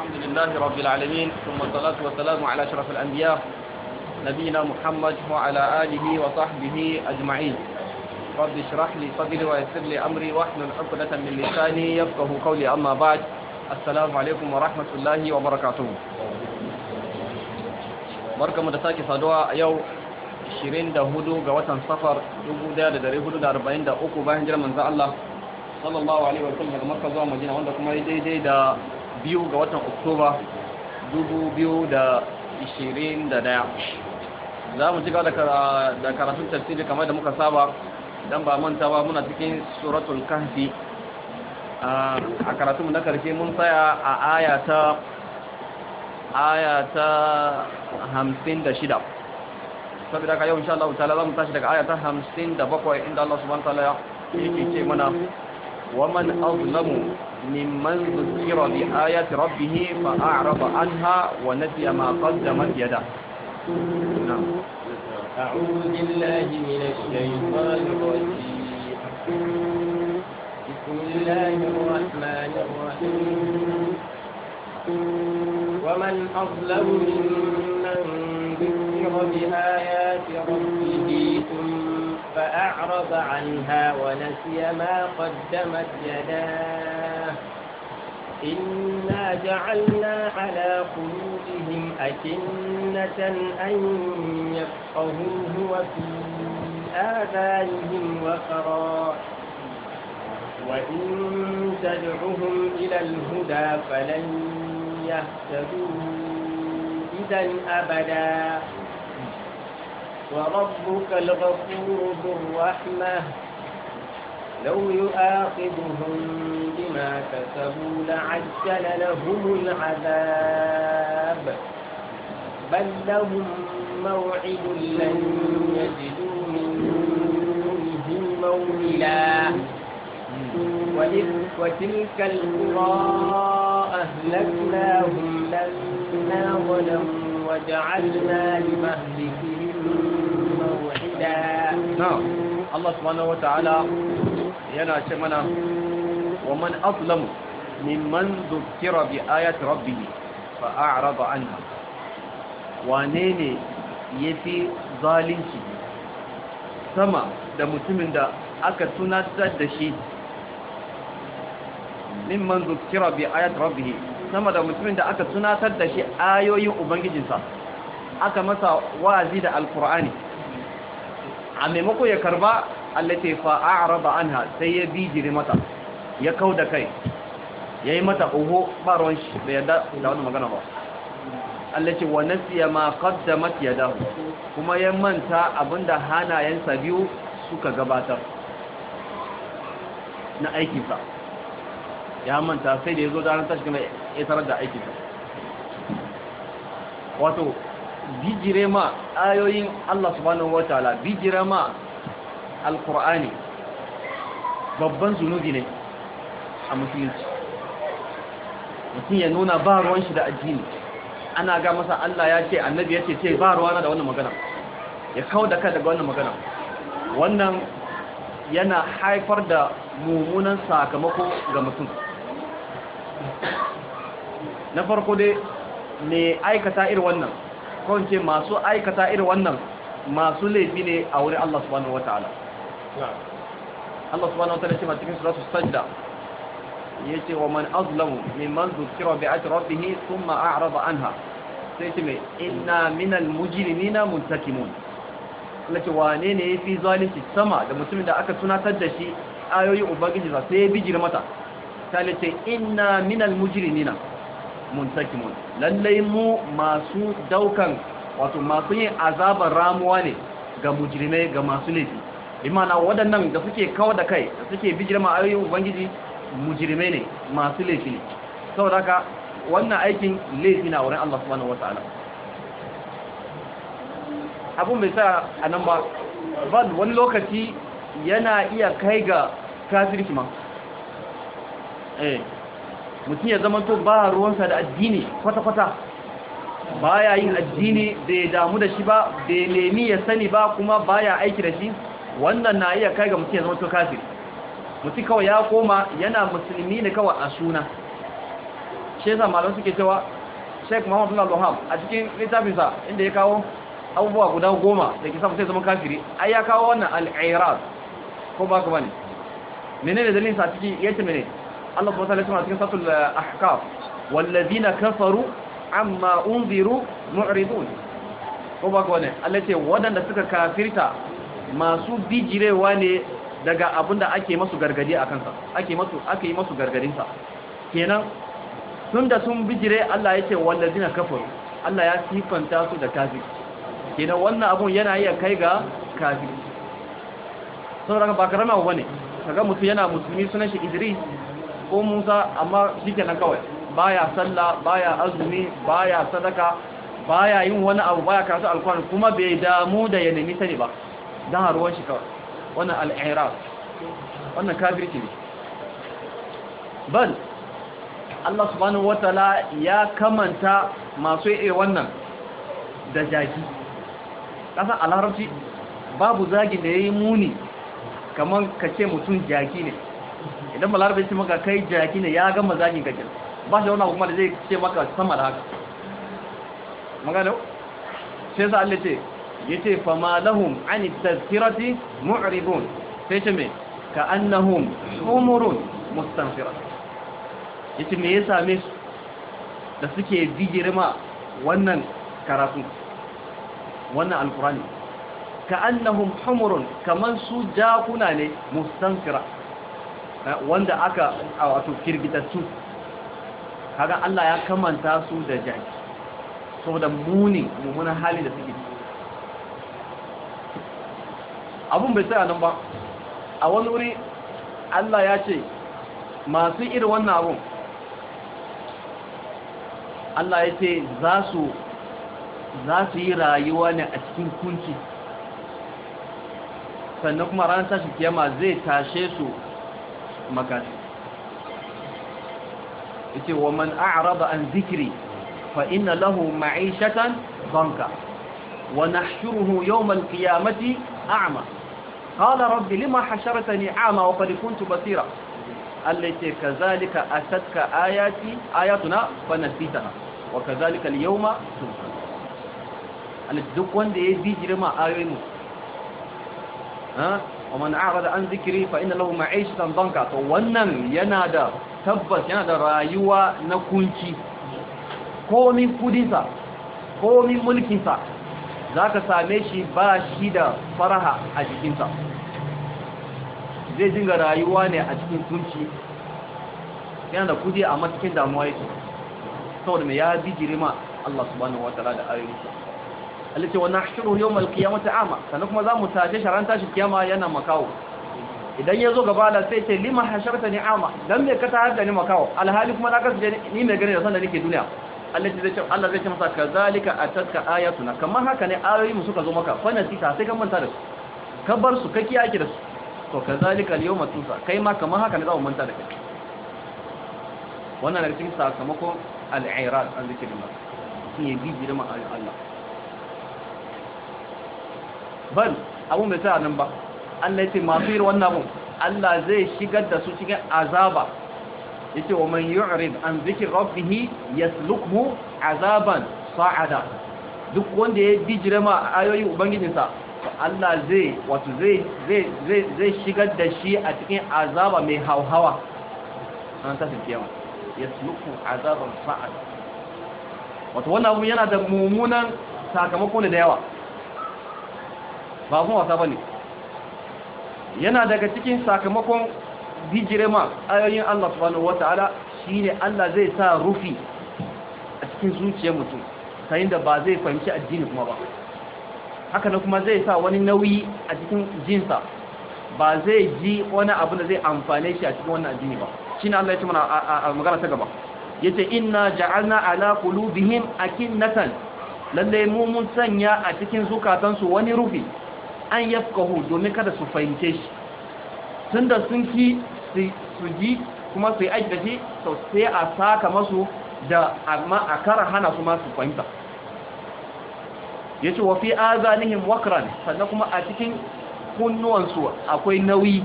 الحمد لله رب العالمين ثم الصلاة والسلام على شرف الأنبياء نبينا محمد وعلى آله وصحبه أجمعين رب اشرح لي صدري ويسر لي أمري واحلل عقدة من لساني يفقه قولي أما بعد السلام عليكم ورحمة الله وبركاته بركة مدساك صدوى يو 24 ga watan safar 1443 bayan jiran manzo Allah sallallahu alaihi wa sallam daga Makka zuwa Madina wanda kuma daidai da biyu ga watan oktoba dubu biyu da ishirin da daya za mu gada da karatun tafsiri kamar da muka saba don ba manta ba muna cikin suratul kahfi a karatun na karshe mun tsaya a ayata ayata hamsin da shida saboda ka yau insha Allah ta'ala za mu tashi daga ayata hamsin da bakwai inda Allah subhanahu wa ta'ala yake ce mana wa man azlamu ممن ذكر بآيات ربه فأعرض عنها ونسي ما قدمت يده نعم أعوذ بالله من الشيطان الرجيم بسم الله الرحمن الرحيم ومن أظلم ممن ذكر بآيات ربه فأعرض عنها ونسي ما قدمت يداه إنا جعلنا على قلوبهم أكنة أن يفقهوه وفي آذانهم وقرا وإن تدعهم إلى الهدى فلن يهتدوا إذا أبدا وربك الغفور ذو الرحمة لو يؤاخذهم بما كسبوا لعجل لهم العذاب بل لهم موعد لن يجدوا من دونه موئلا وتلك القرى أهلكناهم لما ظلموا وجعلنا لمهلكهم na'am Allah subhanahu wata'ala yana ce mana wa man azlamu mimman zukira bi ayati rabbihi fa a'rada anha wane ne yafi zalunci sama da mutumin da aka tunatar da shi mimman bi ayati rabbihi sama da mutumin da aka tunatar da shi ayoyin ubangijinsa aka masa wa'azi da alkur'ani a maimako ya karba allate fa'araba anha sai ya bijiri mata ya kau da kai ya yi mata uho ba ruwan shi da yadda da wani magana ba allace wa nasiya ma qaddamat yadahu kuma ya manta abinda hanayensa biyu suka gabatar na aikinsa ya manta sai da ya zo da ranar tashi kuma ya tarar da aikinsa wato bijire ma ayoyin Allah subhanahu wataala bijire ma alqur'ani babban zunubi ne a musulunci mutum ya nuna ba ruwan shi da addini ana ga masa Allah ya ce annabi ya ce sai ba ruwana da wannan magana ya kawo da kai daga wannan magana wannan yana haifar da mummunan sakamako ga mutum na farko dai mai aikata irin wannan ko ce masu aikata irin wannan masu laifi ne a wurin Allah subhanahu wataala Allah subhanahu wataala ce ma cikin suratul sajda yace wa man azlamu mimman dhukira bi ayati rabbih thumma a'rada anha sai ce mai inna minal mujrimina muntakimun Allah ce wane ne yafi zalunci sama da mutumin da aka tunatar da shi ayoyin ubangiji sai ya bijira mata ta ce inna minal mujrimina muntakimun lallai mu masu daukan wato masu yin azabar ramuwa ne ga mujrimai ga masu laifi imana waɗannan da suke kawo da kai da suke bijirma ayoyin ubangiji mujrimai ne masu laifi ne saboda haka wannan aikin laifi na wurin Allah subhanahu wataala abun bai sa a nan ba wani lokaci yana iya kai ga kafirci ma eh mutum ya zama to ba ruwansa da addini kwata-kwata Ba ya yin addini bai damu da shi ba bai nemi ya sani ba kuma ba ya aiki da shi wannan na iya kai ga mutum ya zama to kafiri mutum kawai ya koma yana musulmi ne kawai a suna shi yasa malamai suke cewa Sheik Muhammadu al Abdulham a cikin littafinsa inda ya kawo abubuwa guda goma da ke samu sai zama kafiri a ya kawo wannan al ko ba ka bane menene dalilin sa ciki yace menene Allah subhanahu wataala ya cikin suratul eh, ahqaf wallazina kafaru amma unziru mu'ridun ko ba ko ne Allah ce wadanda suka kafirta masu bijirewa ne daga abinda ake masu gargadi a kansa ake masu ake yi masu gargadin sa kenan tunda sun bijire Allah ya ce wallazina kafaru Allah ya sifanta su da kafir kenan wannan abun yana iya kai ga kafir saboda ba karama ba ne kaga mutum yana musulmi sunan shi Idris ko musa amma shi nan kawai baya sallah baya azumi baya sadaka baya yin wani abu baya karatu alkur'ani kuma bai damu da ya nemi sani ba dan haruwan shi kawai wannan al'iraf wannan kafirci ne bal Allah subhanahu wataala ya kamanta masu yi wannan da jaki ƙasa alharci babu zagi da yayi muni kamar kace mutum jaki ne idan balarabe ce maka kai jaki ne ya gama zagin kakin ba shi wani kuma da zai ce maka sama da haka magana sai sa Allah ce ce fama lahun an tazkirati mu'ribun sai ce mai ka annahum umurun mustanfira ce me ya same su da suke digirma wannan karatu wannan alkurani ka annahum umurun kamar su jakuna ne mustanfira Eh, wanda aka a wato kirgitattu kaga Allah ya kamanta su da jaki saboda muni mummunan hali da suke abun bai tsaya nan ba a wani wuri Allah ya ce masu irin wannan abun Allah ya ce za su za su yi rayuwa ne a cikin kunci sannan kuma ranar tashin kiyama zai tashe su مكان يتي ومن اعرض عن ذكري فان له معيشه ضنكا ونحشره يوم القيامه اعمى قال ربي لما حشرتني اعمى وقد كنت بصيرا التي إيه، كذلك اتتك اياتي اياتنا فنسيتها وكذلك اليوم ان الدكوان دي إيه، يجرم ايوه ها ومن أعرض عن ذكري فإن له معيشة ضنكا to wannan yana da tabbas yana da rayuwa na kunci komin kudinsa komin mulkinsa za ka same shi ba shi da faraha a jikinsa zai dinga rayuwa ne a cikin kunci yana da kudi a matakin damuwa yake saboda mai ya bi jirima Allah subhanahu wa ta'ala da ayoyinsa Allah ce wa nahshuru yawmal qiyamati ama sannan kuma zamu tashi sharan tashi kiyama yana makawo idan ya zo gaba da sai ce lima hasharta ni dan me ka tayar da ni makawo alhali kuma na kasance ni mai gani da sanda nake duniya Allah zai ce Allah zai ce masa a atatka ayatuna kamar haka ne ayoyi mu suka zo maka fa nasita sai ka manta da su ka bar su da su tusa kai ma kamar haka ne manta da wannan bal abun bai tsaya nan ba Allah ya ce masu yin wannan abun Allah zai shigar da su cikin azaba yace wa man yu'rid an zikri rabbih yaslukhu azaban sa'ada duk wanda ya bijire ma ayoyi ubangijinsa Allah zai wato zai zai zai zai shigar da shi a cikin azaba mai hauhawa an ta tafiya yaslukhu azaban sa'ada wato wannan abun yana da mummunan sakamakon da yawa ba abun wasa bane yana daga cikin sakamakon bijirema ayoyin Allah subhanahu wataala shine Allah zai sa rufi a cikin zuciyar mutum sai da ba zai fahimci addini kuma ba haka ne kuma zai sa wani nauyi a cikin jinsa ba zai ji wani abu da zai amfane shi a cikin wannan addini ba shine Allah ya ce mana a magana ta gaba yace inna ja'alna ala qulubihim akinnatan lalle mu mun sanya a cikin zukatansu wani rufi an yafkahu domin kada su fahimce shi tun da sun fi su ji kuma su yi aiki da sai a saka masu da amma a kara hana su masu fahimta ya ce wa fi azanihim wakran sannan kuma a cikin kunnuwansu akwai nauyi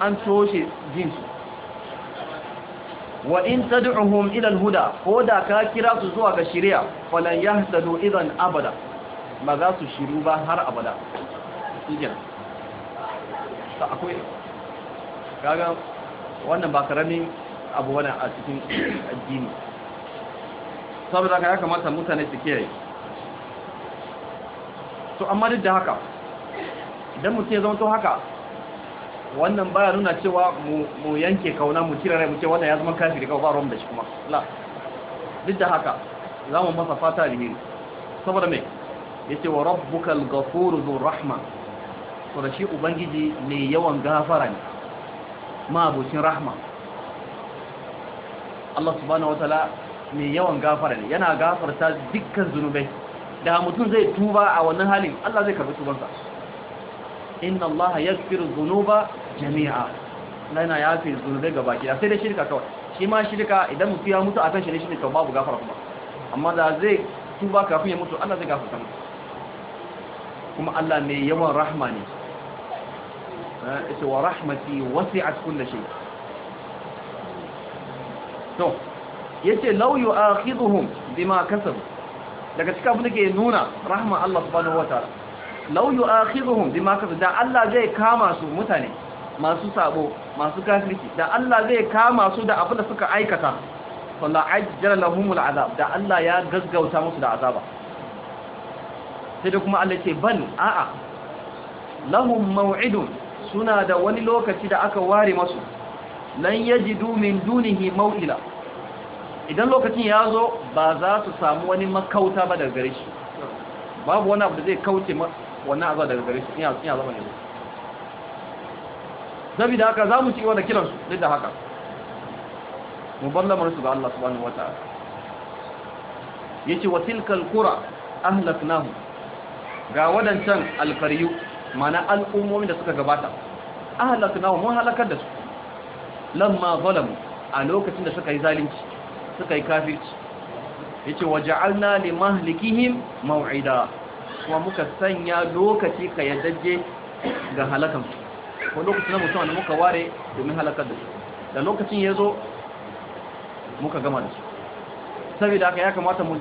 an toshe jinsu wa in tad'uhum ila al-huda ko da ka kira su zuwa ga shari'a falan yahtadu idan abada ba za su shiru ba har abada shigen ta akwai kaga wannan ba karamin abu wani a cikin addini saboda ka ya kamata mutane su kiyaye to amma duk da haka idan mutum ya zama to haka wannan baya nuna cewa mu yanke kauna mu cire rai mu ce wannan ya zama kafiri kawai ba da shi kuma la duk da haka za mu masa fata alheri saboda mai ya ce wa rabbukal gafuru zuwa rahman tsora shi ubangiji mai yawan gafara ne ma'abocin rahma Allah subhanahu wataala mai yawan gafara ne yana gafarta dukkan zunubai da mutum zai tuba a wannan halin Allah zai karbi tubansa inna Allah yaghfiru dhunuba jami'a Allah yana yafe zunubai gaba ɗaya sai da shirka kawai shi ma shirka idan mutum ya mutu akan shi ne shirka babu gafara kuma amma da zai tuba kafin ya mutu Allah zai gafarta kuma Allah mai yawan rahma ne ita wa rahmati wasi'at kulli shay to yace law yu'akhidhuhum bima daga cikin abin da ke nuna rahma Allah subhanahu wataala law yu'akhidhuhum bima kasabu da Allah zai kama su mutane masu sabo masu kafirci da Allah zai kama su da abin da suka aikata wala ajjala lahumul azab da Allah ya gaggauta musu da azaba sai da kuma Allah ce bal a'a lahum maw'idun suna da wani lokaci da aka ware masu lan yajidu domin dunihi maw'ila idan lokacin ya zo ba za su samu wani makauta ba daga gare shi babu wani abu da zai kauce wannan azaba daga gare shi ina ina zama yanzu zabi da haka za mu ci gaba da kiransu duk da haka mu ballamar su ga Allah subhanahu Ya yace wa tilkal qura ahlaknahum ga wadancan alqariyu mana al'ummomin da suka gabata ahlakna wa mun halakar da su lamma zalamu a lokacin da suka yi zalunci suka yi kafirci yace waja'alna limahlikihim maw'ida kuma muka sanya lokaci ka yadajje ga halakan su ko lokacin da mutum muka ware domin halakar da su da lokacin ya zo muka gama da su saboda haka ya kamata mu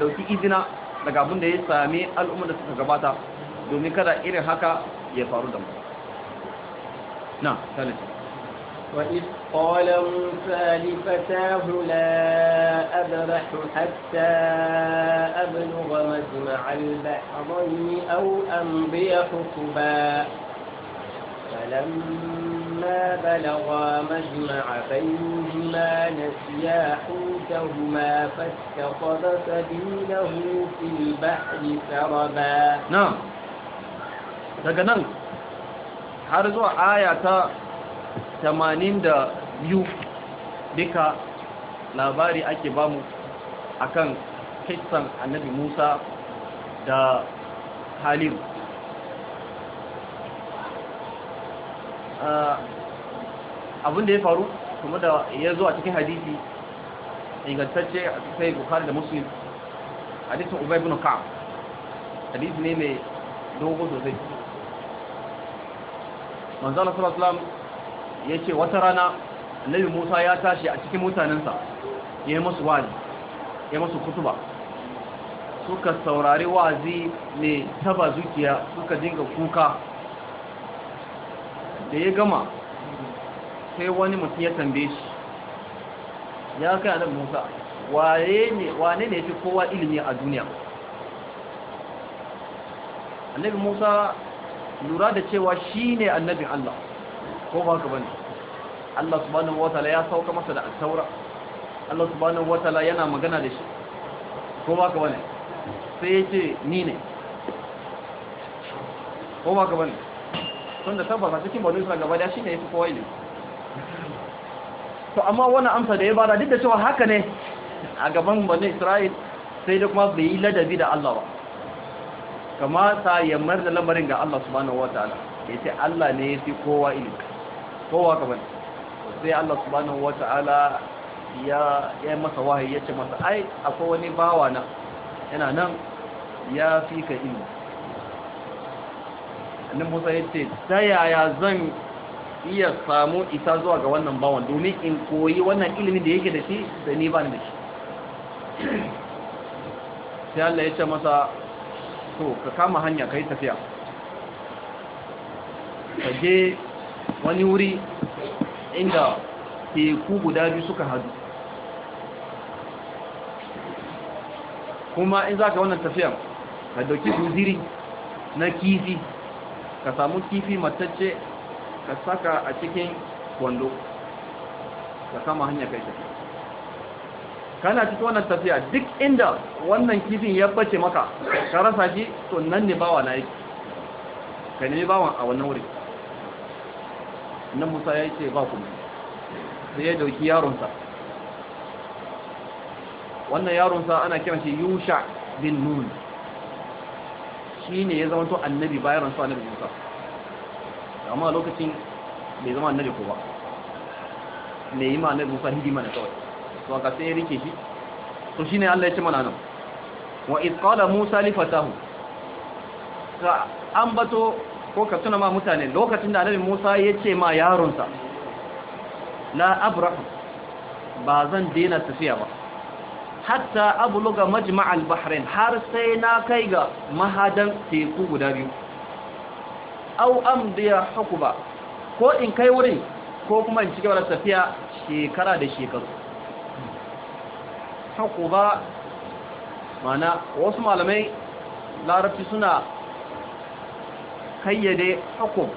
dauki izina daga abin da ya same al'ummar da suka gabata domin kada irin haka ya faru da mu na sallallahu وإذ قال موسى لفتاه لا أبرح حتى أبلغ مجمع البحرين أو أمضي حقبا فلما بلغا مجمع بينهما نسيا حوتهما فاتخذ سبيله في البحر سربا نعم daga nan har zuwa aya ta tamanin da 82 duka labari ake bamu akan kissan annabi Musa da Halil ah, abin da ya faru kuma da ya zo a cikin hadisi ingantacce a sai bukari da musulun hadisin ubay ibn ka'ab hadisi ne mai dogo sosai manzo Allah sallallahu alaihi wasallam wata rana Annabi Musa ya tashi a cikin mutanensa ya yi musu wa'azi ya musu kutuba suka saurari wa'azi ne taba zuciya suka dinga kuka da ya gama sai wani mutum ya tambaye shi ya kai Annabi Musa wane ne fi kowa ilimi a duniya Annabi Musa lura da cewa shi ne annabi Allah ko ba ka bane Allah subhanahu ta'ala ya sauka masa da al taura Allah subhanahu ta'ala yana magana da shi ko ba ka bane sai ce ni ne ko ba ka bane da tabbata cikin bani Isra'ila gaba da ne yafi kowa ne to amma wannan amsa da ya bada duk da cewa haka ne a gaban bani Isra'il sai da kuma bai yi ladabi da Allah ba kamata ya mayar da lamarin ga Allah subhanahu ta'ala ya ce Allah ne ya fi kowa ilimi kowa kamar sai Allah subhanahu ta'ala ya yi masa wahayi ya ce masa ai akwai wani bawa na yana nan ya fi ka ilimi annabi Musa ya ce ta yaya zan iya samu isa zuwa ga wannan bawan domin in koyi wannan ilimin da yake da shi da ni ba ni da shi sai Allah ya ce masa to ka kama hanya ka yi tafiya ka je wani wuri inda teku guda biyu suka hadu kuma in za ka wannan tafiya ka dauki guziri na kifi ka samu kifi matacce ka saka a cikin kwando ka kama hanya ka yi tafiya kana cikin wannan tafiya duk inda wannan kifin ya bace maka ka rasa shi to nan ne bawa na yake ka nemi bawan a wannan wuri nan musa ya ce ba kuma sai ya dauki yaronsa wannan yaronsa ana kiran shi yusha bin nun shi ne ya zama to annabi bayan ransu annabi musa amma lokacin bai zama annabi ko ba mai yi ma annabi musa hidima na kawai to aka sai rike shi to shine Allah ya ce mana nan wa iz qala Musa li fatahu ka ambato ko ka tuna ma mutane lokacin da Annabi Musa ya ce ma yaronsa la abrahu ba zan daina tafiya ba hatta abluga majma' al-bahrain har sai na kai ga mahadan teku guda biyu au amdiya hukuba ko in kai wurin ko kuma in cigaba da tafiya shekara da shekaru haquba mana wasu malamai larabci suna kayyade hakum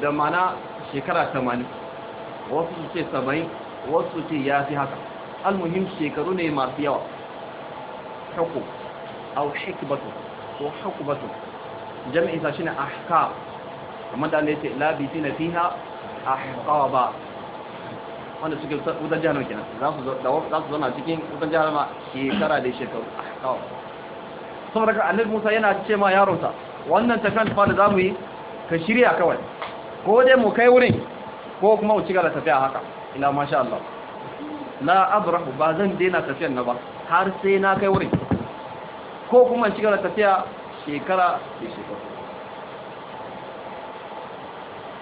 da mana shekara 80 wasu su ce 70 wasu su ce ya fi haka almuhim shekaru ne masu yawa hakum au hikbatu ko hukubatu jami'in sa a ahkam kamar da ne ce labisi na fiha ba. wanda suke wutar jahannama kenan za su zauna cikin wutar ke shekara da shekaru ah, kawo saboda ka annabi Musa yana ce ma yaronsa wannan ta kan fa da mu yi ka shirya kawai ko dai mu kai wurin ko kuma mu ci gaba tafiya haka ina masha Allah la abrahu ba zan daina tafiyan na ba har sai na kai wurin ko kuma ci gaba tafiya shekara da shekaru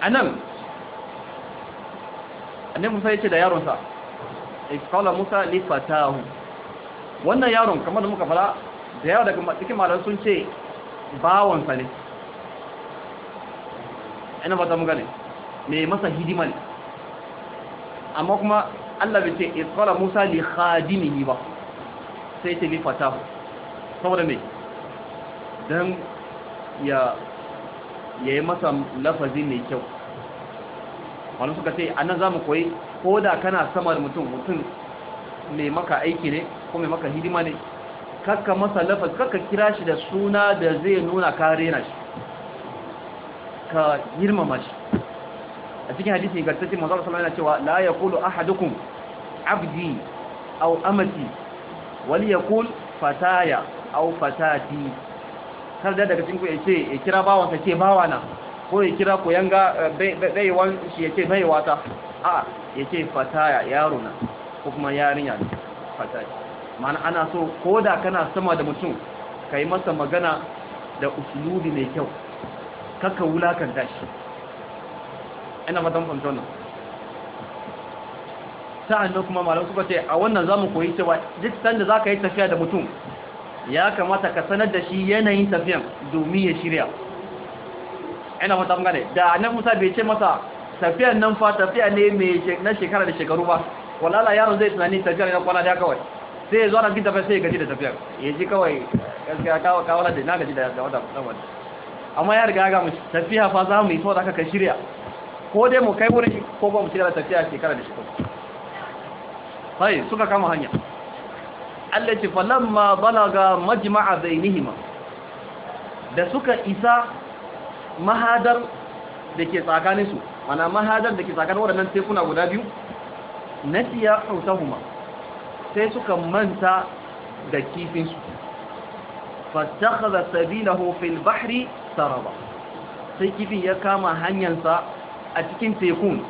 anan annabi Musa yace da yaron sa Musa li fatahu wannan yaron kamar da muka fara da yawa daga cikin malamai sun ce bawon sa ne ina ba ta mu gane me masa hidima ne amma kuma Allah bai ce ikala Musa li khadimihi ba sai ce li fatahu saboda me dan ya yayi yi masa lafazi mai kyau wani suka ce a nan za mu koyi ko da kana samar mutum mutum mai maka aiki ne ko mai maka hidima ne kakka masa lafaz kakka kira shi da suna da zai nuna ka rena shi ka girmama shi a cikin hadisi ingantaccen manzo sallallahu alaihi cewa la yaqulu ahadukum abdi aw amati wal yaqul fataya aw fatati kar da daga cikin ku ce ya kira bawansa ce bawana ko ya kira ku yanga eh, baiwan shi ya ce baiwa ta a ya ce fataya yaro na ko kuma yarinya fataya mana ana so ko da kana sama da mutum ka yi masa magana da usulubi mai kyau kaka wulakan shi ina matan fahimtar nan sa'annan kuma malam suka ce a wannan zamu koyi cewa duk sanda zaka yi tafiya da mutum ya kamata ka sanar da shi yanayin tafiyan domin ya shirya ina fata mun gane da annabi Musa bai ce masa tafiyan nan fa tafiya ne mai na shekara da shekaru ba wallahi yaron zai tunani tafiya ne kwana da kawai sai ya zo ran kinta fa sai ya gaji da tafiyar ya ji kawai gaskiya ka wala da na gaji da da wata saboda amma ya riga ga mu tafiya fa za mu yi saboda haka ka shirya ko dai mu kai wuri ko ba mu ci da tafiya shekara da shekaru sai suka kama hanya Allah ce falamma balaga majma'a bainihima da suka isa mahadar da ke tsakaninsu mana mahadar da ke tsakanin waɗannan tekuna guda biyu na siya huma sai suka manta da kifinsu da sabilahu hofin bahri saraba sai kifin ya kama hanyarsa a cikin tekun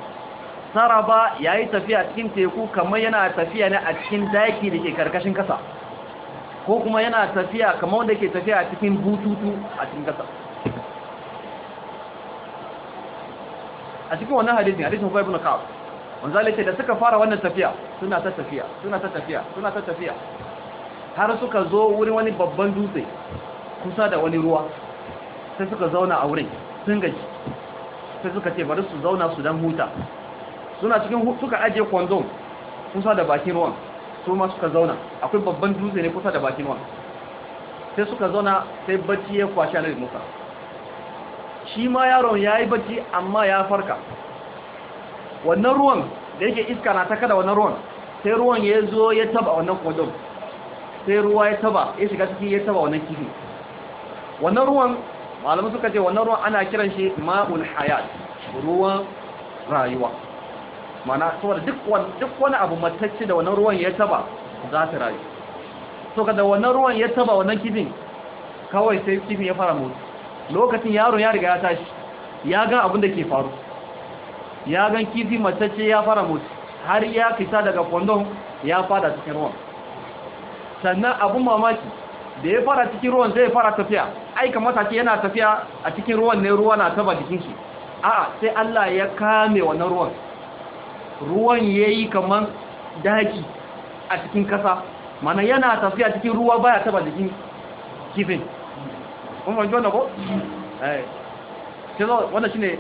saraba yi tafiya a cikin teku kamar yana tafiya ne a cikin daki da ke karkashin kasa ko kuma yana tafiya kamar wanda ke tafiya a cikin bututu a cikin kasa a cikin wannan hadisin hadisin Ubay ibn Ka'ab manzo Allah ce da suka fara wannan tafiya suna ta tafiya suna ta tafiya suna ta tafiya har suka zo wurin wani babban dutse kusa da wani ruwa sai suka zauna a wurin sun gaji sai suka ce bari su zauna su dan huta suna cikin suka aje kwandon kusa da bakin ruwan su ma suka zauna akwai babban dutse ne kusa da bakin ruwan sai suka zauna sai bacci ya kwashe annabi Musa shi ma yaron ya yi bacci amma ya farka wannan ruwan da yake iska na taka da wannan ruwan sai ruwan ya zo ya taba wannan kodon sai ruwa ya taba ya shiga ciki ya taba wannan kifi wannan ruwan malamu suka ce wannan ruwan ana kiran shi ma'ul hayat ruwan rayuwa mana saboda duk wani duk wani abu matacce da wannan ruwan ya taba za ta rayu to kada wannan ruwan ya taba wannan kifin kawai sai kifin ya fara mutu lokacin yaron ya riga ya tashi ya ga abin da ke faru ya gan kifi matacce ya fara mutu har ya fita daga kwandon ya fada cikin ruwan sannan abin mamaki da ya fara cikin ruwan zai fara tafiya Aika kamata yana tafiya a cikin ruwan ne ruwa na taba jikin shi a'a sai Allah ya kame wannan ruwan ruwan yayi kaman daki a cikin kasa mana yana tafiya cikin ruwa baya taba jikin kifin kuma wani wannan ko eh sai zo wannan shine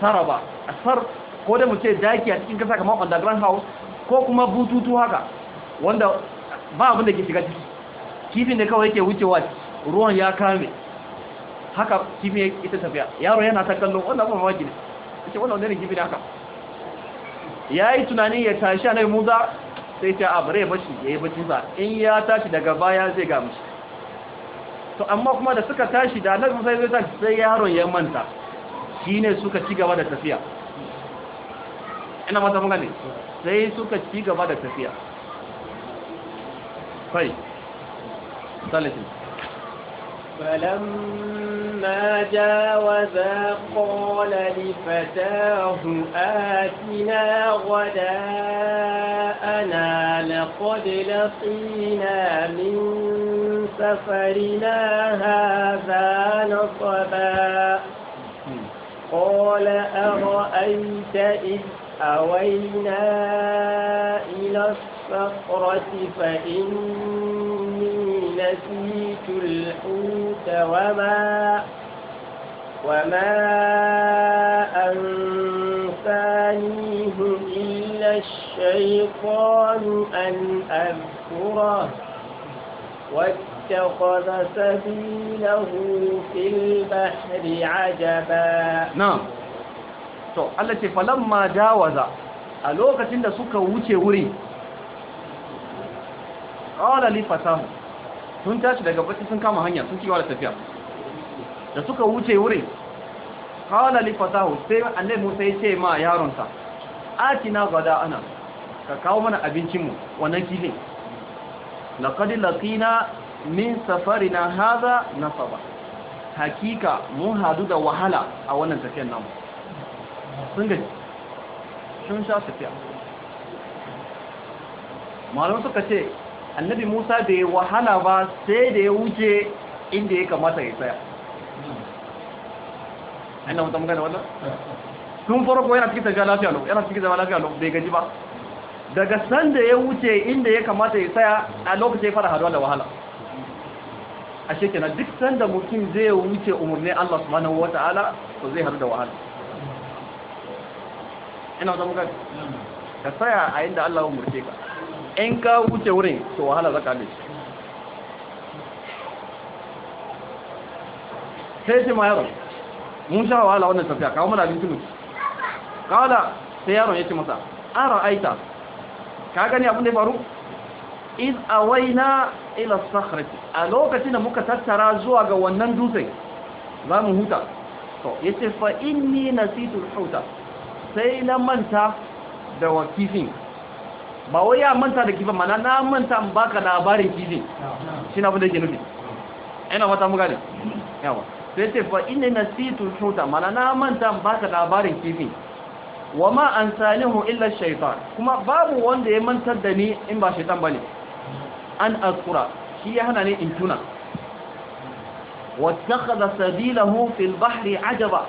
saraba asar ko dai mu ce daki a cikin kasa kamar underground house ko kuma bututu haka wanda ba abin da ke shiga ciki kifin da kawai yake wucewa ruwan ya kame haka kifin ita tafiya yaro yana ta kallon wannan kuma mawaki ne yace wannan wani kifi ne haka yi tunanin ya tashi a nai muza sai ta rai bashi yayi bacin sa in ya tashi daga baya zai ga to amma kuma da suka tashi da annabi musa zai tashi sai yaron ya manta shine suka ci gaba da tafiya ina mata mun gane sai suka ci gaba da tafiya fai salatin فلما جاوزا قال لفتاه آتنا غداً أنا لقد لقينا من سفرنا هذا نصبا قال أرأيت إذ أوينا إلى الصخرة فإني نسيت الحوت وما وما أنسانيه الشيطان أن أذكره واتخذ سبيله في البحر عجبا نعم to Allah ce falamma jawaza a lokacin da suka wuce wuri qala sun tashi daga bacci sun kama hanya sun ci da tafiya da suka wuce wuri qala li fatahu sai annabi Musa ya ce ma yaron atina ana ka kawo mana abincinmu wannan kilin laqad laqina min safarina hadha nasaba hakika mun hadu da wahala a wannan tafiyar namu sun gani sun sha tafiya malamu suka ce annabi musa da ya wahala ba sai da ya wuce inda ya kamata ya tsaya ana wata magana wannan Sun farko yana cikin tafiya lafiya lau yana cikin zama lafiya lau bai gaji ba daga sanda ya wuce inda ya kamata ya tsaya a lokacin ya fara haduwa da wahala a shekina duk sanda mutum zai wuce umarni Allah subhanahu wa ta'ala to zai haru da wahala ina zama gani ka tsaya a inda Allah ya umarce ka in ka wuce wurin to wahala za bi sai ce ma yaro mun sha wahala wannan tafiya kawo mana abinci mutu kawada sai yaron ya ce masa ara aita ka gani abin da ya faru iz waina ila sakhrati a lokacin da muka tattara zuwa ga wannan dutsen za mu huta to yace fa inni nasitu huta sai na manta da wa kifin ba wai ya manta da kifin mana na manta ba ka labarin kifin shi na ya ke nufi ina mata mu gani yawa sai ce fa inni nasitu huta mana na manta ba ka labarin kifin wa ma an sanihu illa shaitan kuma babu wanda ya mantar da ni in ba shaitan bane an azkura shi ya hana ni in tuna wattakhadha sabilahu fil bahri ajaba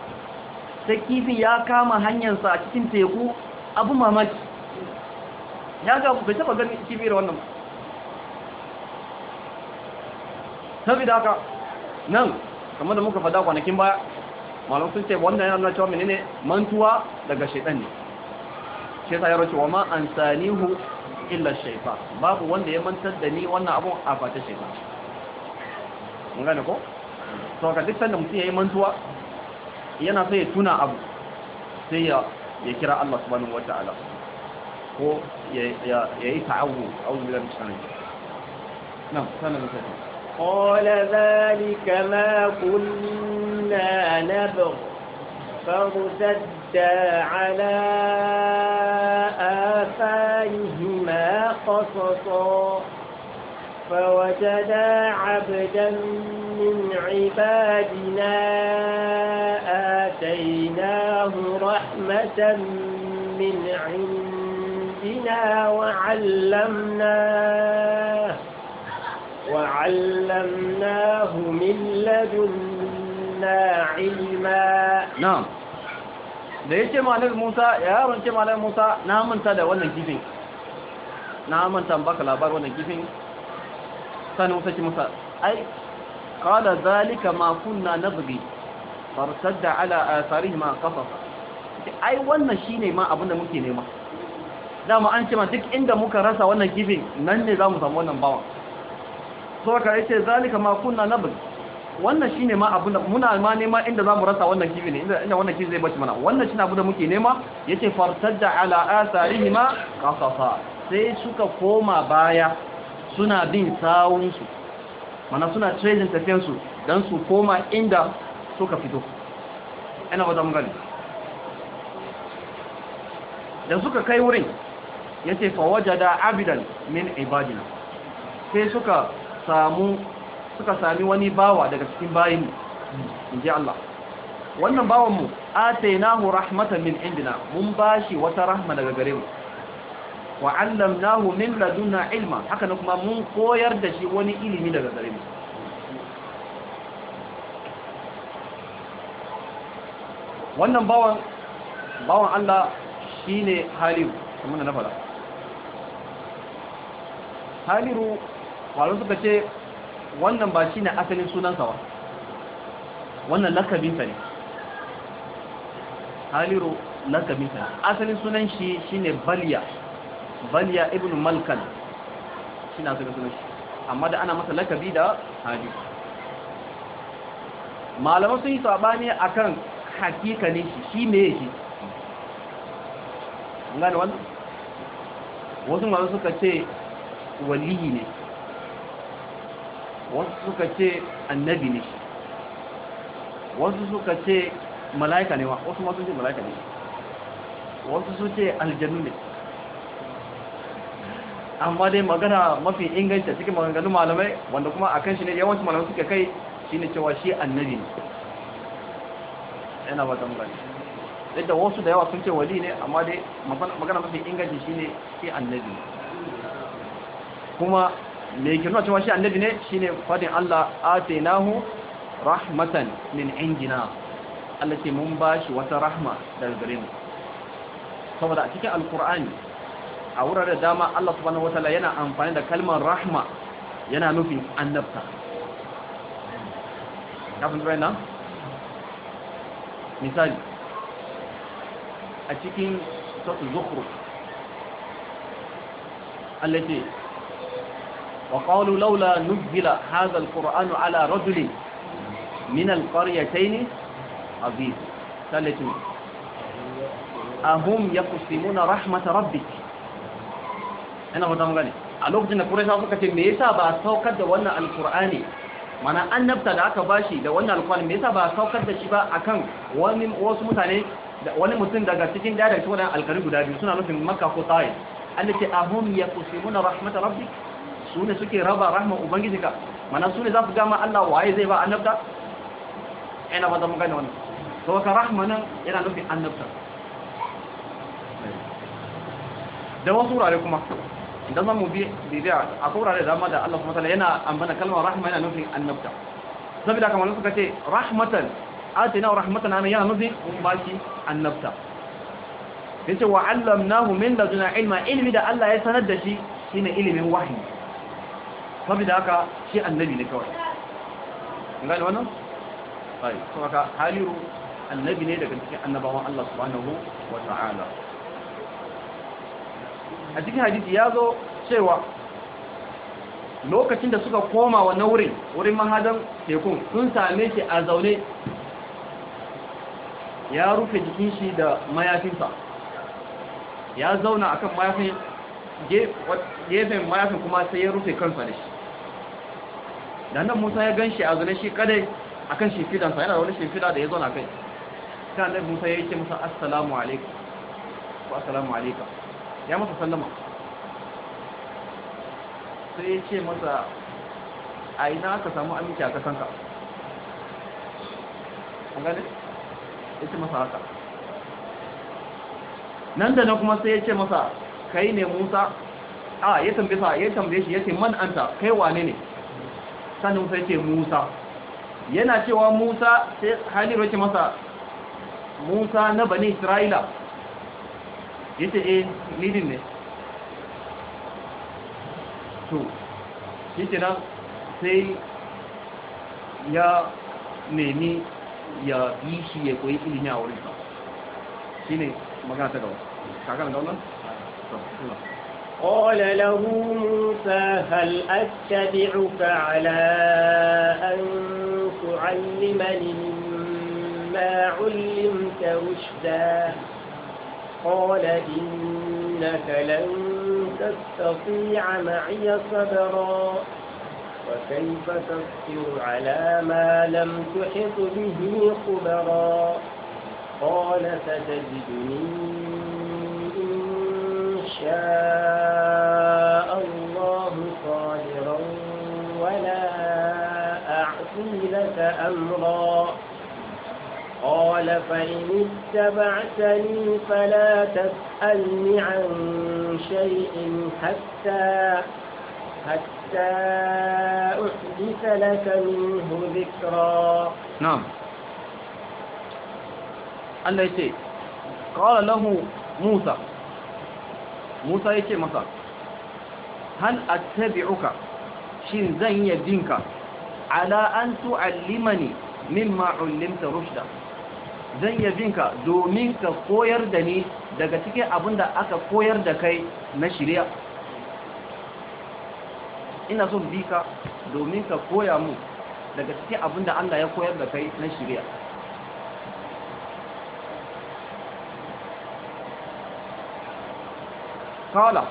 sai kifi ya kama hanyarsa a cikin teku abu mamaki ya ga bai taba gani kifi da wannan saboda haka nan kamar da muka fada kwanakin baya malum sun ce wannan yana cewa menene mantuwa daga shaytan ne shi yasa ya race wa ma ansanihu illa shaifa babu wanda ya mantar da ni wannan abun a fata shaytan mun gane ko to ka duk sanda mutum yayi mantuwa yana sai ya tuna abu sai ya ya kira Allah subhanahu wataala ko ya ya yi ta'awu a'udhu billahi minash shaitanir rajim na'am sanan sai قال ذلك ما كنا نبغ فارتدا على آثارهما قصصا فوجدا عبدا من عبادنا آتيناه رحمة من عندنا وعلمناه وعلمناه من لدنا علما نعم da yake malar musa yaron ke malar musa na manta da wannan kifin na manta baka labar wannan kifin sani musa ki musa ai kala zalika ma kunna nabghi farsadda ala asarihi ma qasasa ai wannan shi ne ma abinda muke nema dama an ce ma duk inda muka rasa wannan kifin nan ne za mu samu wannan bawan saboda yace zalika ma kunna nabl wannan shine ma da muna ma nema inda zamu rasa wannan kifi ne inda wannan kifi zai bace mana wannan shine abin da muke nema yace fartajja ala asarihima qasasa sai suka koma baya suna bin sawun mana suna tafiyan su dan su koma inda suka fito da suka kai wurin yace fa wajada abidan min ibadina sai suka samu suka sami wani bawa daga cikin bayin inji Allah wannan bawan mu atainahu rahmatan min indina mun bashi wata rahma daga gare mu wa 'allamnahu min ladunna ilma haka kuma mun koyar da shi wani ilimi daga gare mu wannan bawan bawan Allah shine Haliru kuma na fara Haliru faru suka ce wannan ba shi ne asalin sunansa ba wannan lakabinsa ne haliru lakabinsa asalin sunan shi shi ne baliya baliya ibn malkan shi na asalin sunan shi amma da ana masa lakabi da hali malamai sun yi sabani akan hakika ne shi shi me shi gane wannan wasu malamai suka ce waliyi ne wasu suka ce annabi ne wasu suka ce mala'ika ne wasu masu ce mala'ika ne wasu su ce aljannu ne amma dai magana mafi inganta cikin maganganun malamai wanda kuma a kan shi ne yawancin malamai suka kai shine cewa shi annabi ne yana wata Sai da wasu da yawa sun ce wali ne amma dai magana mafi inganta shi ne, shi annabi kuma me ke nuna cewa shi annabi ne shine fadin Allah atainahu rahmatan min injina. Allah ce mun bashi wata rahma daga gare mu saboda a cikin alkur'ani a wurare da dama Allah subhanahu wataala yana amfani da kalmar rahma yana nufin annabta kafin tsaye na misali a cikin sautu zukuru Allah ce وقالوا لولا نزل هذا القرآن على رجل من القريتين عظيم ثالث أهم يقسمون رحمة ربك أنا هدام غني a lokacin da Quraysh suka ce me yasa ba saukar da wannan alqur'ani mana annabta da aka bashi da wannan alqur'ani me yasa ba saukar da shi ba akan wani wasu mutane wani mutum daga cikin daya daga cikin alqari guda biyu suna nufin Makka ko Taif Allah ce ahum yaqusimuna rahmat rabbik su ne suke raba rahman ubangijinka mana su ne za su gama Allah waye zai ba annabta ina ba za mu gane wannan to ka rahmanan yana nufin annabta da wasu wurare kuma idan za mu bibiya a wurare da da Allah kuma tala yana ambana kalmar rahma yana nufin annabta saboda kamar suka ce rahmatan atina rahmatan ana yana nufin mun baki annabta yace wa allamnahu min laduna ilma ilmi da Allah ya sanar da shi shine ilimin wahayi saboda haka shi annabi ne kawai in gani wannan bai kuma haka haliru annabi ne daga cikin annabawan Allah subhanahu wa ta'ala a cikin hadisi ya zo cewa lokacin da suka koma wannan wurin wurin mahadan tekun sun same shi a zaune ya rufe jikin shi da mayafinsa ya zauna akan mayafin gefen mayafin kuma sai ya rufe kansa da shi da nan musa ya gan shi a zane shi kadai a kan shimfidansa yana da wani shimfida da ya zo na kai ta nan musa ya yi ce masa assalamu alaikum ko assalamu alaika ya masa sallama sai ya ce masa a ina ka samu aminci a kasanka an gane ya ce masa haka nan da na kuma sai ya ce masa kai ne musa a ya tambaye shi ya ce man anta kai wane ne sanin musa ce musa yana cewa musa sai haliru ya ce masa musa na bane isra'ila yace ce ni eh, din ne to yace ke sai ya nemi ya yi shi ya koyi ilimi a wurin shi ne magana ta gaba kakar da wannan? قال له موسى هل أتبعك على أن تعلمني مما علمت رشدا قال إنك لن تستطيع معي صبرا وكيف تصبر على ما لم تحط به خبرا قال ستجدني شاء الله صادرا ولا أعطي لك أمرا قال فإن اتبعتني فلا تسألني عن شيء حتى حتى أحدث لك منه ذكرا نعم الله قال له موسى Musa yake masa hal attabi'uka shin zan iya binka ala an tu'allimani mimma ullimta rushda zan iya binka domin ka koyar da ni daga cikin abin da aka koyar da kai na shirya ina son bika domin ka koya mu daga cikin abin Allah ya koyar da kai na shirya kala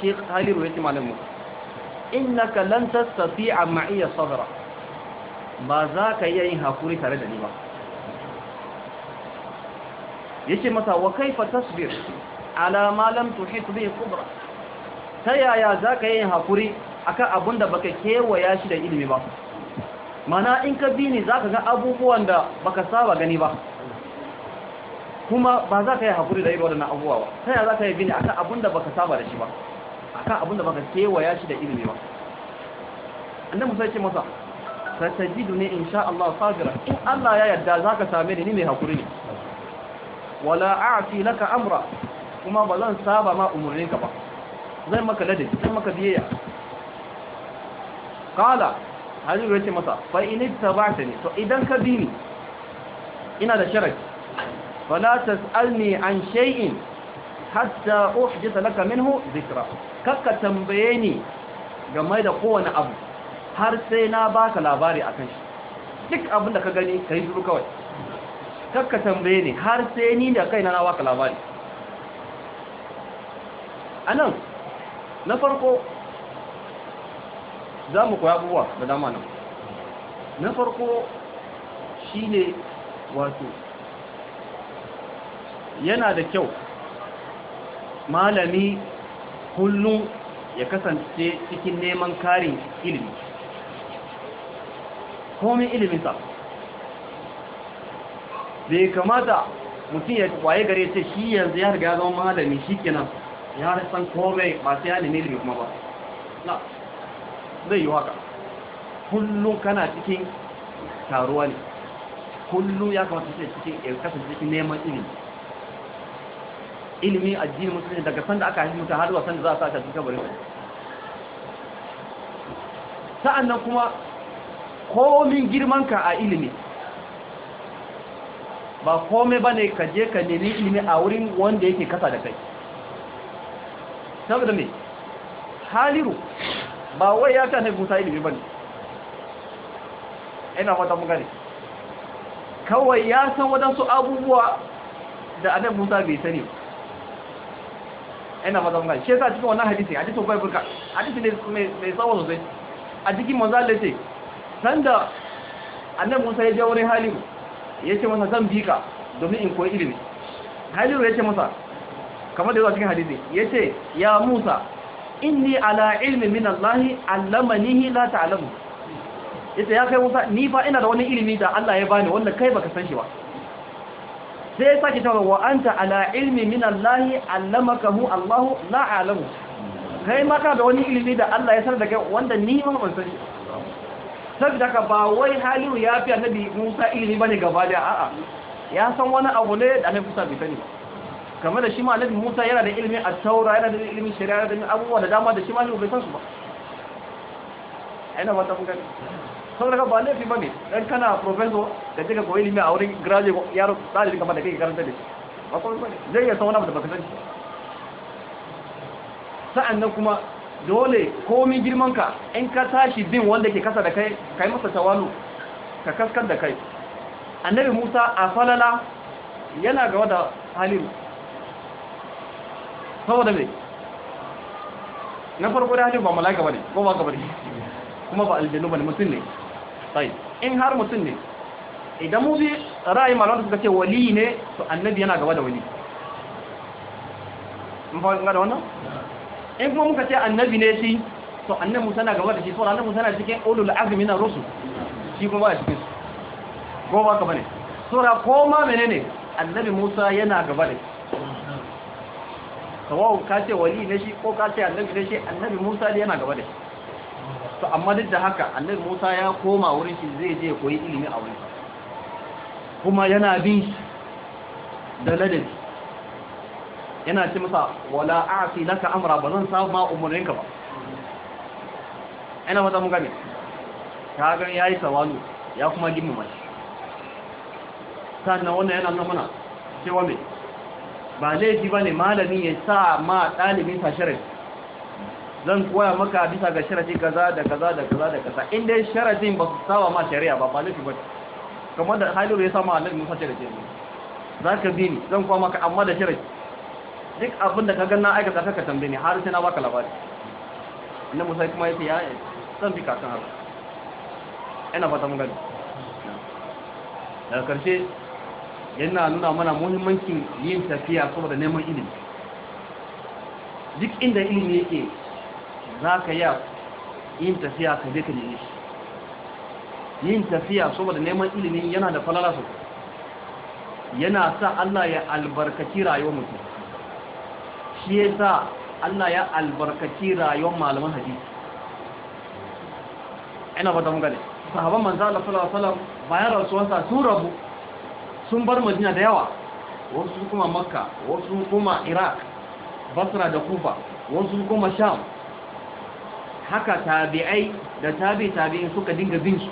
shi haliru yace malamin innaka lan tastati'a ma'iya sabra ba za ka iya yin hakuri tare da ni ba yace masa wa kaifa tasbir ala ma lam tuhit bihi kubra ta yaya za ka yin hakuri akan abun da baka kewaya shi da ilimi ba mana in ka bi ni za ka ga abubuwan da baka saba gani ba kuma ba za ka yi haƙuri da yi waɗannan abubuwa ba ta yaya za ka yi bini kan abin da ka saba da shi ba akan abin da baka kewaya shi da ilimi ba annabi sai ce masa satajidu ne insha Allah sabira in Allah ya yarda za ka same ni ni mai haƙuri ne wala a'fi laka amra kuma ba zan saba ma umarninka ba zai maka ladabi zai maka biyayya Kala, hajjuru ya ce masa fa in ne. to idan ka bi ni ina da sharadi fala tas'alni an shay'in hatta uhdita laka minhu dhikra kakka tambaye ni game da kowane abu har sai na baka labari akan shi duk abin ka gani kai zuru kawai kakka tambaye ni har sai ni da kaina na baka labari anan na farko za mu koya abubuwa da dama nan na farko shine wato yana da kyau malami kullum ya kasance cikin neman karin ilimi ilimin iliminsa bai kamata mutum ya waye gare ce shi yanzu ya riga zama malami shi kenan ya san komai ba sai ilimi kuma ba na zai yi haka kullum kana cikin taruwa ne kullum ya kamata cikin ya kasance cikin neman ilimi ilimin addinin Musulmi daga sanda aka haifi mutum har zuwa sanda za a sa ta cikin kabarin sa'annan kuma komin girmanka a ilimi ba kome ba ne ka je ka nemi ilimi a wurin wanda yake kasa da kai saboda mai haliru ba wai ya ta haifi musa ilimi ba ne ina wata mugane kawai ya san waɗansu abubuwa da annabi musa bai sani ba ina fata mun shi yasa cikin wannan hadisi hadisin bai burka hadisi ne mai tsawo sosai a cikin manzo da ce sanda annabi Musa ya je wurin Halilu ya ce masa zan bi ka domin in koyi ilimi Halilu ya ce masa kamar da a cikin hadisi ya ce ya Musa inni ala ilmi min Allah allamanihi la ta'lamu ita ya kai Musa ni fa ina da wani ilimi da Allah ya bani wanda kai baka san shi ba sai ya sake cewa wa anta ala ilmi min Allah allamakahu Allah la alamu kai ma ka da wani ilimi da Allah ya sanar da kai wanda ni ma ban sani saboda ka ba wai halu ya fi annabi Musa ilimi bane gaba da a'a ya san wani abu ne da annabi Musa bai sani kamar da shi ma annabi Musa yana da ilimi a taura yana da ilimi shari'a da abubuwa da dama da shi ma bai san su ba ina ba ta kun sau daga ba laifi ba ne dan kana professor da jika koyi ilimi a wurin graduate yaro ɗalibin kamar da kai karanta da shi ba kawai ne zai iya sauna da baka sani sa'an nan kuma dole komi girmanka in ka tashi bin wanda ke kasa da kai ka yi masa tawalu ka kaskar da kai annabi musa a falala yana gaba da halin saboda mai na farko da halin ba malaka ba ne ko ba ka ba ne kuma ba aljanu ba ne mutum ne tsayi in har mutum ne idan mu bi ra'ayi malamai suka ce wali ne to annabi yana gaba da wali mun fahimta da wannan in kuma muka ce annabi ne shi to annabi musa na gaba da shi saboda annabi musa na cikin ulul azmi na rusul shi kuma ba cikin su ko ba ka bane sura ko ma menene annabi musa yana gaba da shi kawau ka ce wali ne shi ko ka ce annabi ne shi annabi musa da yana gaba da shi to amma duk da haka annabi Musa ya koma wurin shi zai je koyi ilimi a wurin kuma yana bin da ladabi yana ce masa wala a'si laka amra ba zan sa ma umurninka ba ina mata mun gane ka ga yayi sawalu ya kuma gimmi mai sannan wannan yana nuna mana cewa me ba laifi bane malamin ya sa ma dalibin sa sharadi zan koya maka bisa ga sharadi kaza da kaza da kaza da kaza inda sharadin ba su saba ma shari'a ba ba lafi ba kamar da halilu ya sama annabi Musa sharadi ne zaka bi ni zan koya maka amma da shari'a duk abin da ka ga na ka ka tambaye ni har sai na baka labari inda Musa kuma yace ya zan bi kakan har ina fata mun gani daga karshe yana nuna mana muhimmancin yin tafiya saboda neman ilimi duk inda ilimi yake za ka yi yin tafiya ka je ka nemi shi yin tafiya saboda neman ilimin yana da falala su yana sa Allah ya albarkaci rayuwar mutum shi ya sa Allah ya albarkaci rayuwar malaman hadisi ina ba da mu gane sahaban manzo Allah sallallahu alaihi wasallam bayan rasuwarsa sun rabu sun bar Madina da yawa wasu kuma Makka wasu kuma Iraq Basra da Kufa wasu kuma Sham haka tabi'ai da tabi tabi'in suka dinga bin su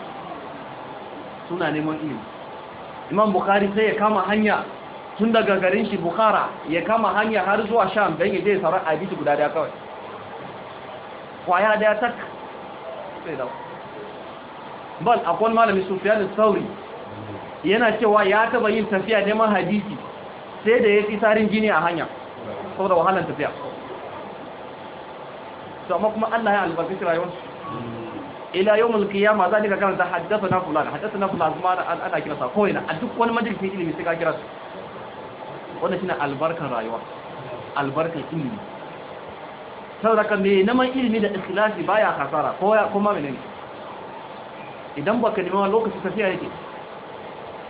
suna neman ilimi imam bukhari sai ya kama hanya tun daga garin shi bukhara ya kama hanya har zuwa sham don ya sarar sauran abinci guda daya kawai kwaya daya tak sai dawo bal akwai malami sufiyan sauri yana cewa ya taba yin tafiya neman hadisi sai da ya fi sarin jini a hanya saboda wahalar tafiya to amma kuma Allah ya albarkaci rayuwar. ila yawmul qiyama za ka karanta na, fulan na fulan kuma ana kira sa koina a duk wani majalisin ilimi sai ka kira su wannan shine albarkan rayuwa albarkan ilimi saboda kan me naman ilimi da ikhlasi baya hasara ko ya kuma menene idan baka nemi lokaci tafiya yake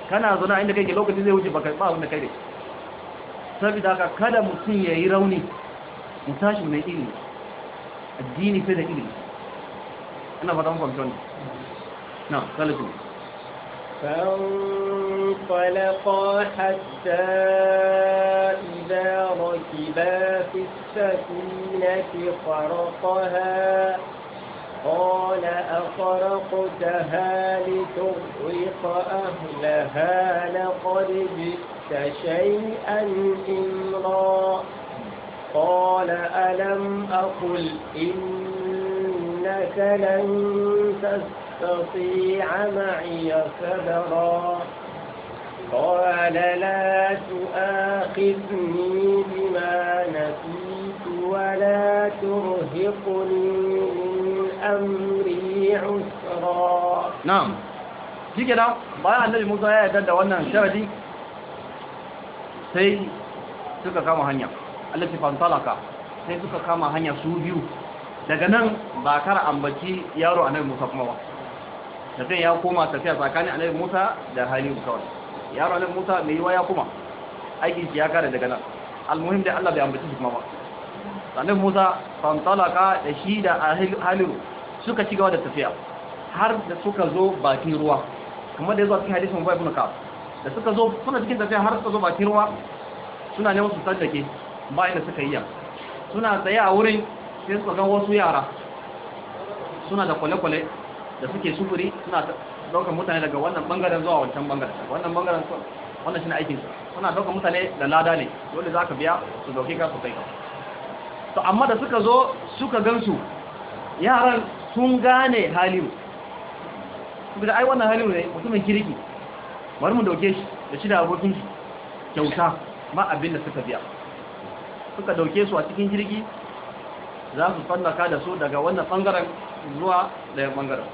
kana zuna inda kake lokaci zai wuce baka ba wanda kai ne saboda haka kada mutum yayi rauni mutashi tashi ne ilimi اديني كده da انا ina fata mun fahimci wannan فانطلقا حتى إذا ركبا في السفينة خرقها قال أخرقتها لتغرق أهلها لقد جئت شيئا إمرا قال ألم أقل إنك لن تستطيع معي صبرا قال لا تؤاخذني بما نسيت ولا ترهقني من أمري عسرا نعم في كده bayan annabi Musa ya ده da wannan sharadi سي suka kama hanya allati fantalaka sai suka kama hanya su biyu daga nan ba kar ambaci yaro annabi Musa kuma ba sai ya koma tafiya tsakanin annabi Musa da Halilu kawai yaro annabi Musa mai yiwa ya koma aikin ya kare daga nan almuhim da Allah bai ambaci shi kuma ba annabi Musa fantalaka da shi da Halilu suka ci gaba da tafiya har da suka zo bakin ruwa kamar da ya zo a cikin hadisin Ubay ibn Ka'ab da suka zo suna cikin tafiya har suka zo bakin ruwa suna neman su ke? ba inda suka yi suna tsaye a wurin sai suka gan wasu yara suna da kwale-kwale da suke sufuri suna daukar mutane daga wannan bangaren zuwa wancan bangaren wannan bangaren wannan shi ne su suna daukar mutane da lada ne dole za ka biya su dauke ka su kai ka to amma da suka zo suka gan su, yaran sun gane halilu da ai wannan halilu ne mutumin kirki bari mu dauke shi da shi da abokin kyauta ma abin da suka biya suka dauke su a cikin jirgi za su fallaka da su daga wannan bangaren zuwa daya bangaren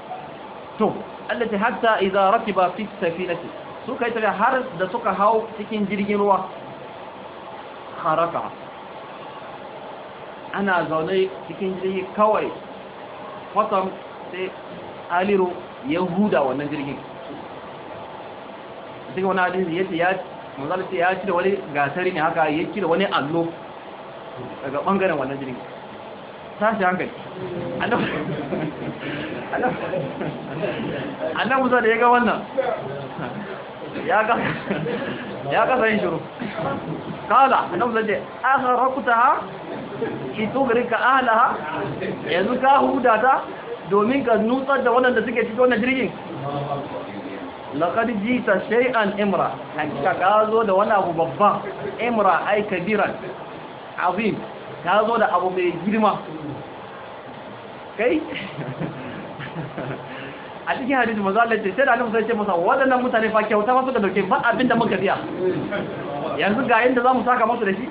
to allati hatta idza rakiba fi safinati suka yi har da suka hau cikin jirgin ruwa haraka ana zaune cikin jirgi kawai kwatam sai aliru ya huda wannan jirgin cikin wani hadisi ya ce ya ci ya cire wani gasari ne haka ya cire wani allo daga bangaren wannan jirgin tashi hankali annan musa da ya ga wannan ya kasa yin shuru kala annan musa ce aka rakuta ha ito gari ka ha yanzu ka huda ta domin ka nutsar da da suke cikin wannan jirgin laƙar jita shay'an imra hakika ka zo da wani abu babban imra ai kabiran azim ya zo da abu mai girma kai a cikin hadisi manzo Allah ce sai da Allah sai ce masa wadannan mutane fa kyauta fa suka dauke ba abin da muka biya yanzu ga yanda zamu saka musu da shi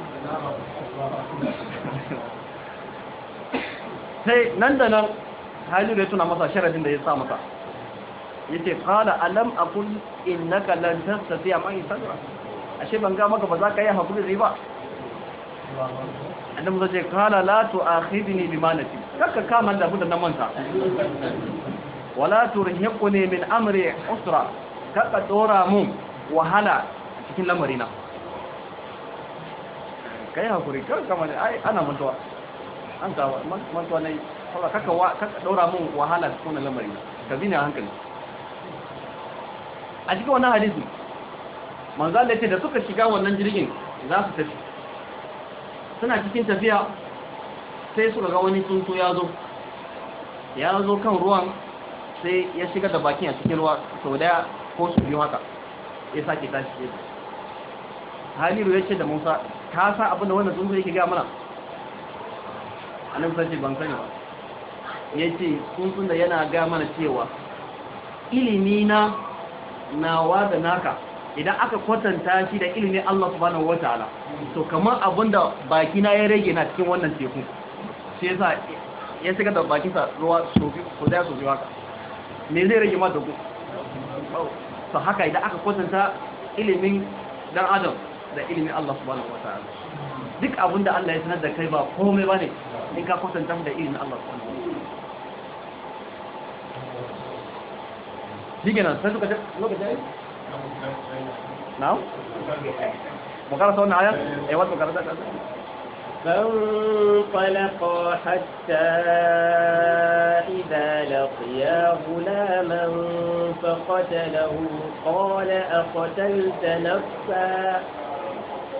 sai nan da nan da ya tuna masa sharadin da ya sa masa yace qala alam aqul innaka lan tastati ma yasra ashe ban ga maka ba za ka yi hakuri ba annabi zai kala la tu'akhidni bima nasi kaka kama da budan nan manta wala turhiqni min amri usra kaka tsora mun wahala cikin lamari na kai hakuri kar kama ne ai ana mantuwa an ta mantuwa ne kaka kaka kaka kakka dora mun wahala cikin lamari na ka bi ne hankali a cikin wannan hadisi manzo Allah ya ce da suka shiga wannan jirgin za su tafi suna cikin tafiya sai suka ga wani tsuntsu ya zo ya zo kan ruwan sai ya shiga da bakin a cikin ruwa sau daya ko su biyu haka ya sake tashi ce haliru ya ce da musa ka sa abin da wannan tsuntsu yake gaya mana a nan sashi ban sani ba ya ce tuntun da yana gaya mana cewa Ilimina na nawa da naka idan aka kwatanta shi da ilimin Allah subhanahu wataala to kamar abinda baki na ya rage na cikin wannan teku sai yasa ya saka da baki sa ruwa sofi ko da sofi haka me zai rage ma da to haka idan aka kwatanta ilimin dan adam da ilimin Allah subhanahu wataala duk abinda Allah ya sanar da kai ba komai bane in ka kwatanta da ilimin Allah subhanahu wataala shi kenan sai suka lokacin نعم مجرد صورنا عيات ايه وقت مجرد فانطلقا حتى إذا لقيا غلاما فقتله قال أقتلت نفسا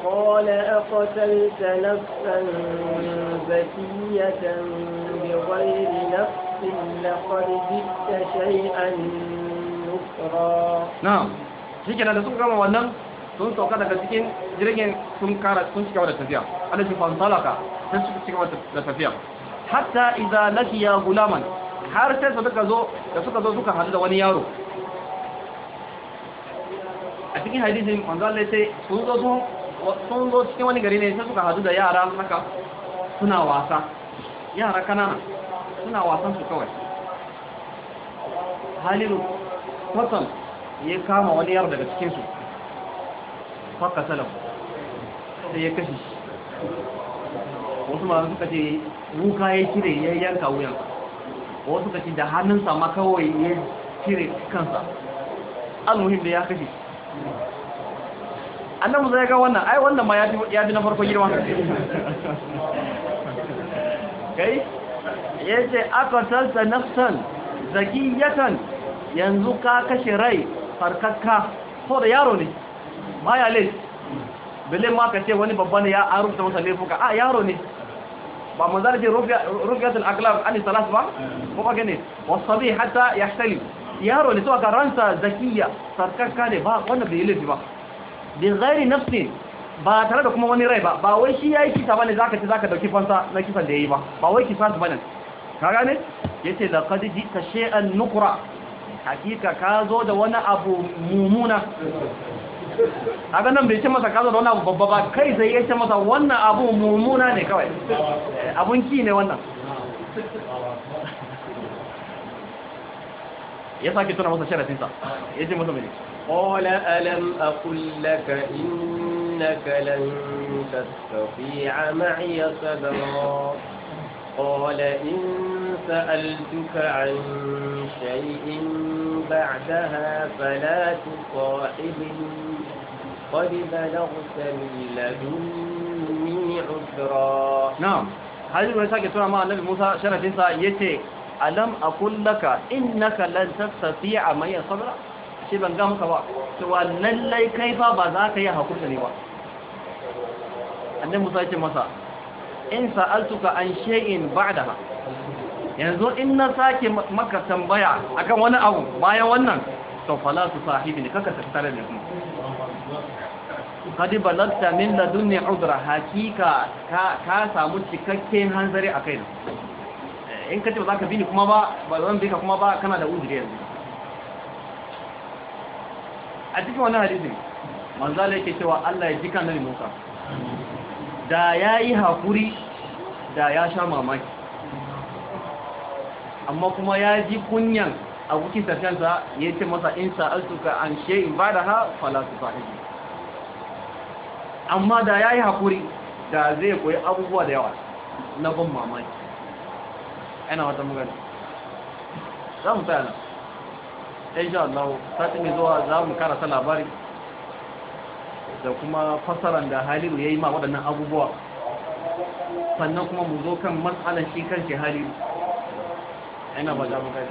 قال أقتلت نفسا زكية بغير نفس لقد جئت شيئا نكرا نعم shi kenan da suka gama wannan sun sauka daga cikin jirgin sun kara sun cigaba da tafiya Allah shi fantalaka sun cika da tafiya hatta idza laqiya gulaman har sai suka zo da suka zo suka hadu da wani yaro a cikin hadisin manzo sai sun zo sun zo cikin wani gari ne sai suka hadu da yara haka suna wasa yara kanana suna wasan su kawai halilu kwatan ya kama wani yaro daga cikinsu faka salam sai ya kashe shi wasu ma suka ce wuka ya cire ya yanka wuyan wasu ka ce da hannunsa ma kawai ya cire kansa al-muhim da ya kashe mu zai ga wannan ai wannan ma ya fi na farko girma kai ya ce aka talta nafsan zakiyatan yanzu ka kashe rai farkakka ko da yaro ne ma ya lai bilin ma ka ce wani babba ne ya an rubuta masa laifuka a yaro ne ba mu zarge rufiyatul aklam an salas ba ko ba gane wasabi hatta yahtali yaro ne to aka ransa zakiya sarkakka ne ba wannan bai laifi ba bi ghairi nafsi ba tare da kuma wani rai ba ba wai shi yayi kisa bane zaka ce zaka dauki fansa na kisan da yayi ba ba wai kisa bane ka gane yace laqad jita shay'an nukra hakika ka zo da wani abu mummuna haka nan bai ce masa ka zo da wani abu babba ba kai sai ya ce masa wannan abu mummuna ne kawai eh, abun ki ne wannan ya sake tuna masa sharafinsa ya ce masa mai قال ألم أقل لك إنك لن تستطيع معي صبرا قال إن سألتك عن شيء بعدها فلا تصاحبني قد بلغت من لدني عذرا نعم hajji mai sake tuna ma annabi Musa sharafinsa yace alam aqul laka innaka lan tastati'a ma sabra shi ban ga maka ba to lallai kai fa ba za ka yi hakuri ba annabi Musa yace masa in sa'altuka an shay'in ba'daha yanzu in na sake maka tambaya akan wani abu bayan wannan to fala su sahibi ne kaka tattare da su kadi balagta min ladunni udra hakika ka samu cikakken hanzari a kai eh, in kace ba za ka bini kuma ba ba zan bi ka kuma ba kana da uzuri yanzu a cikin wannan hadisi manzala yake cewa Allah ya jika nan Musa da ya yi haƙuri da ya sha mamaki amma kuma ya ji kunyan wukin tafiyansa ya ce masa in sa'altuka an in ba da ha falatu sahibi amma da ya yi haƙuri da zai koyi abubuwa da yawa na ban mamaki yana wata magana za mu tsaya na sha Allah sati mai zuwa za mu karasa labari da kuma fasaran da halilu ya yi ma waɗannan abubuwa sannan kuma mu zo kan matsalar shi kan shi halilu yana ba damu kai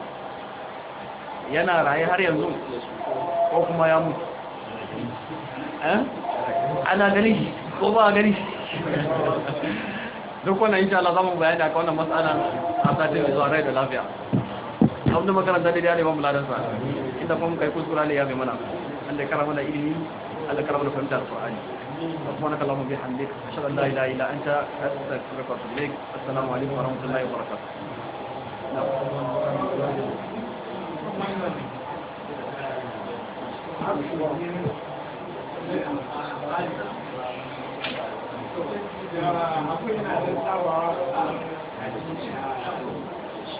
yana raye har yanzu ko kuma ya mutu eh? ana gani ko ba gani duk wannan insha Allah zamu bayani akan wannan matsala a satin zuwa rai da lafiya abin da makaranta da ya ne ba mu ladan sa inda kuma kai kuskura ne ya bai mana an ya kara mana ilimi Allah karamu da fahimta alqur'ani subhanaka allahumma bihamdika ashhadu an la ilaha illa anta astaghfiruka wa atubu ilaik assalamu alaikum wa rahmatullahi wa barakatuh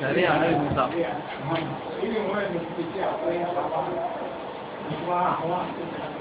shari'a na rubuta irin wani da suke ce akwai yawa ba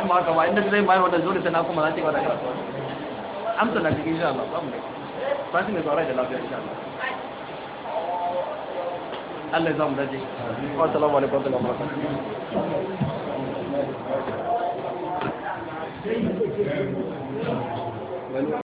in ba haka ba inda zai bayar wannan dole sai kuma za ta kasuwa amsa na cikin Allah ne ba shi da lafiya Allah Allah wa alaikum wa rahmatullahi wa barakatuh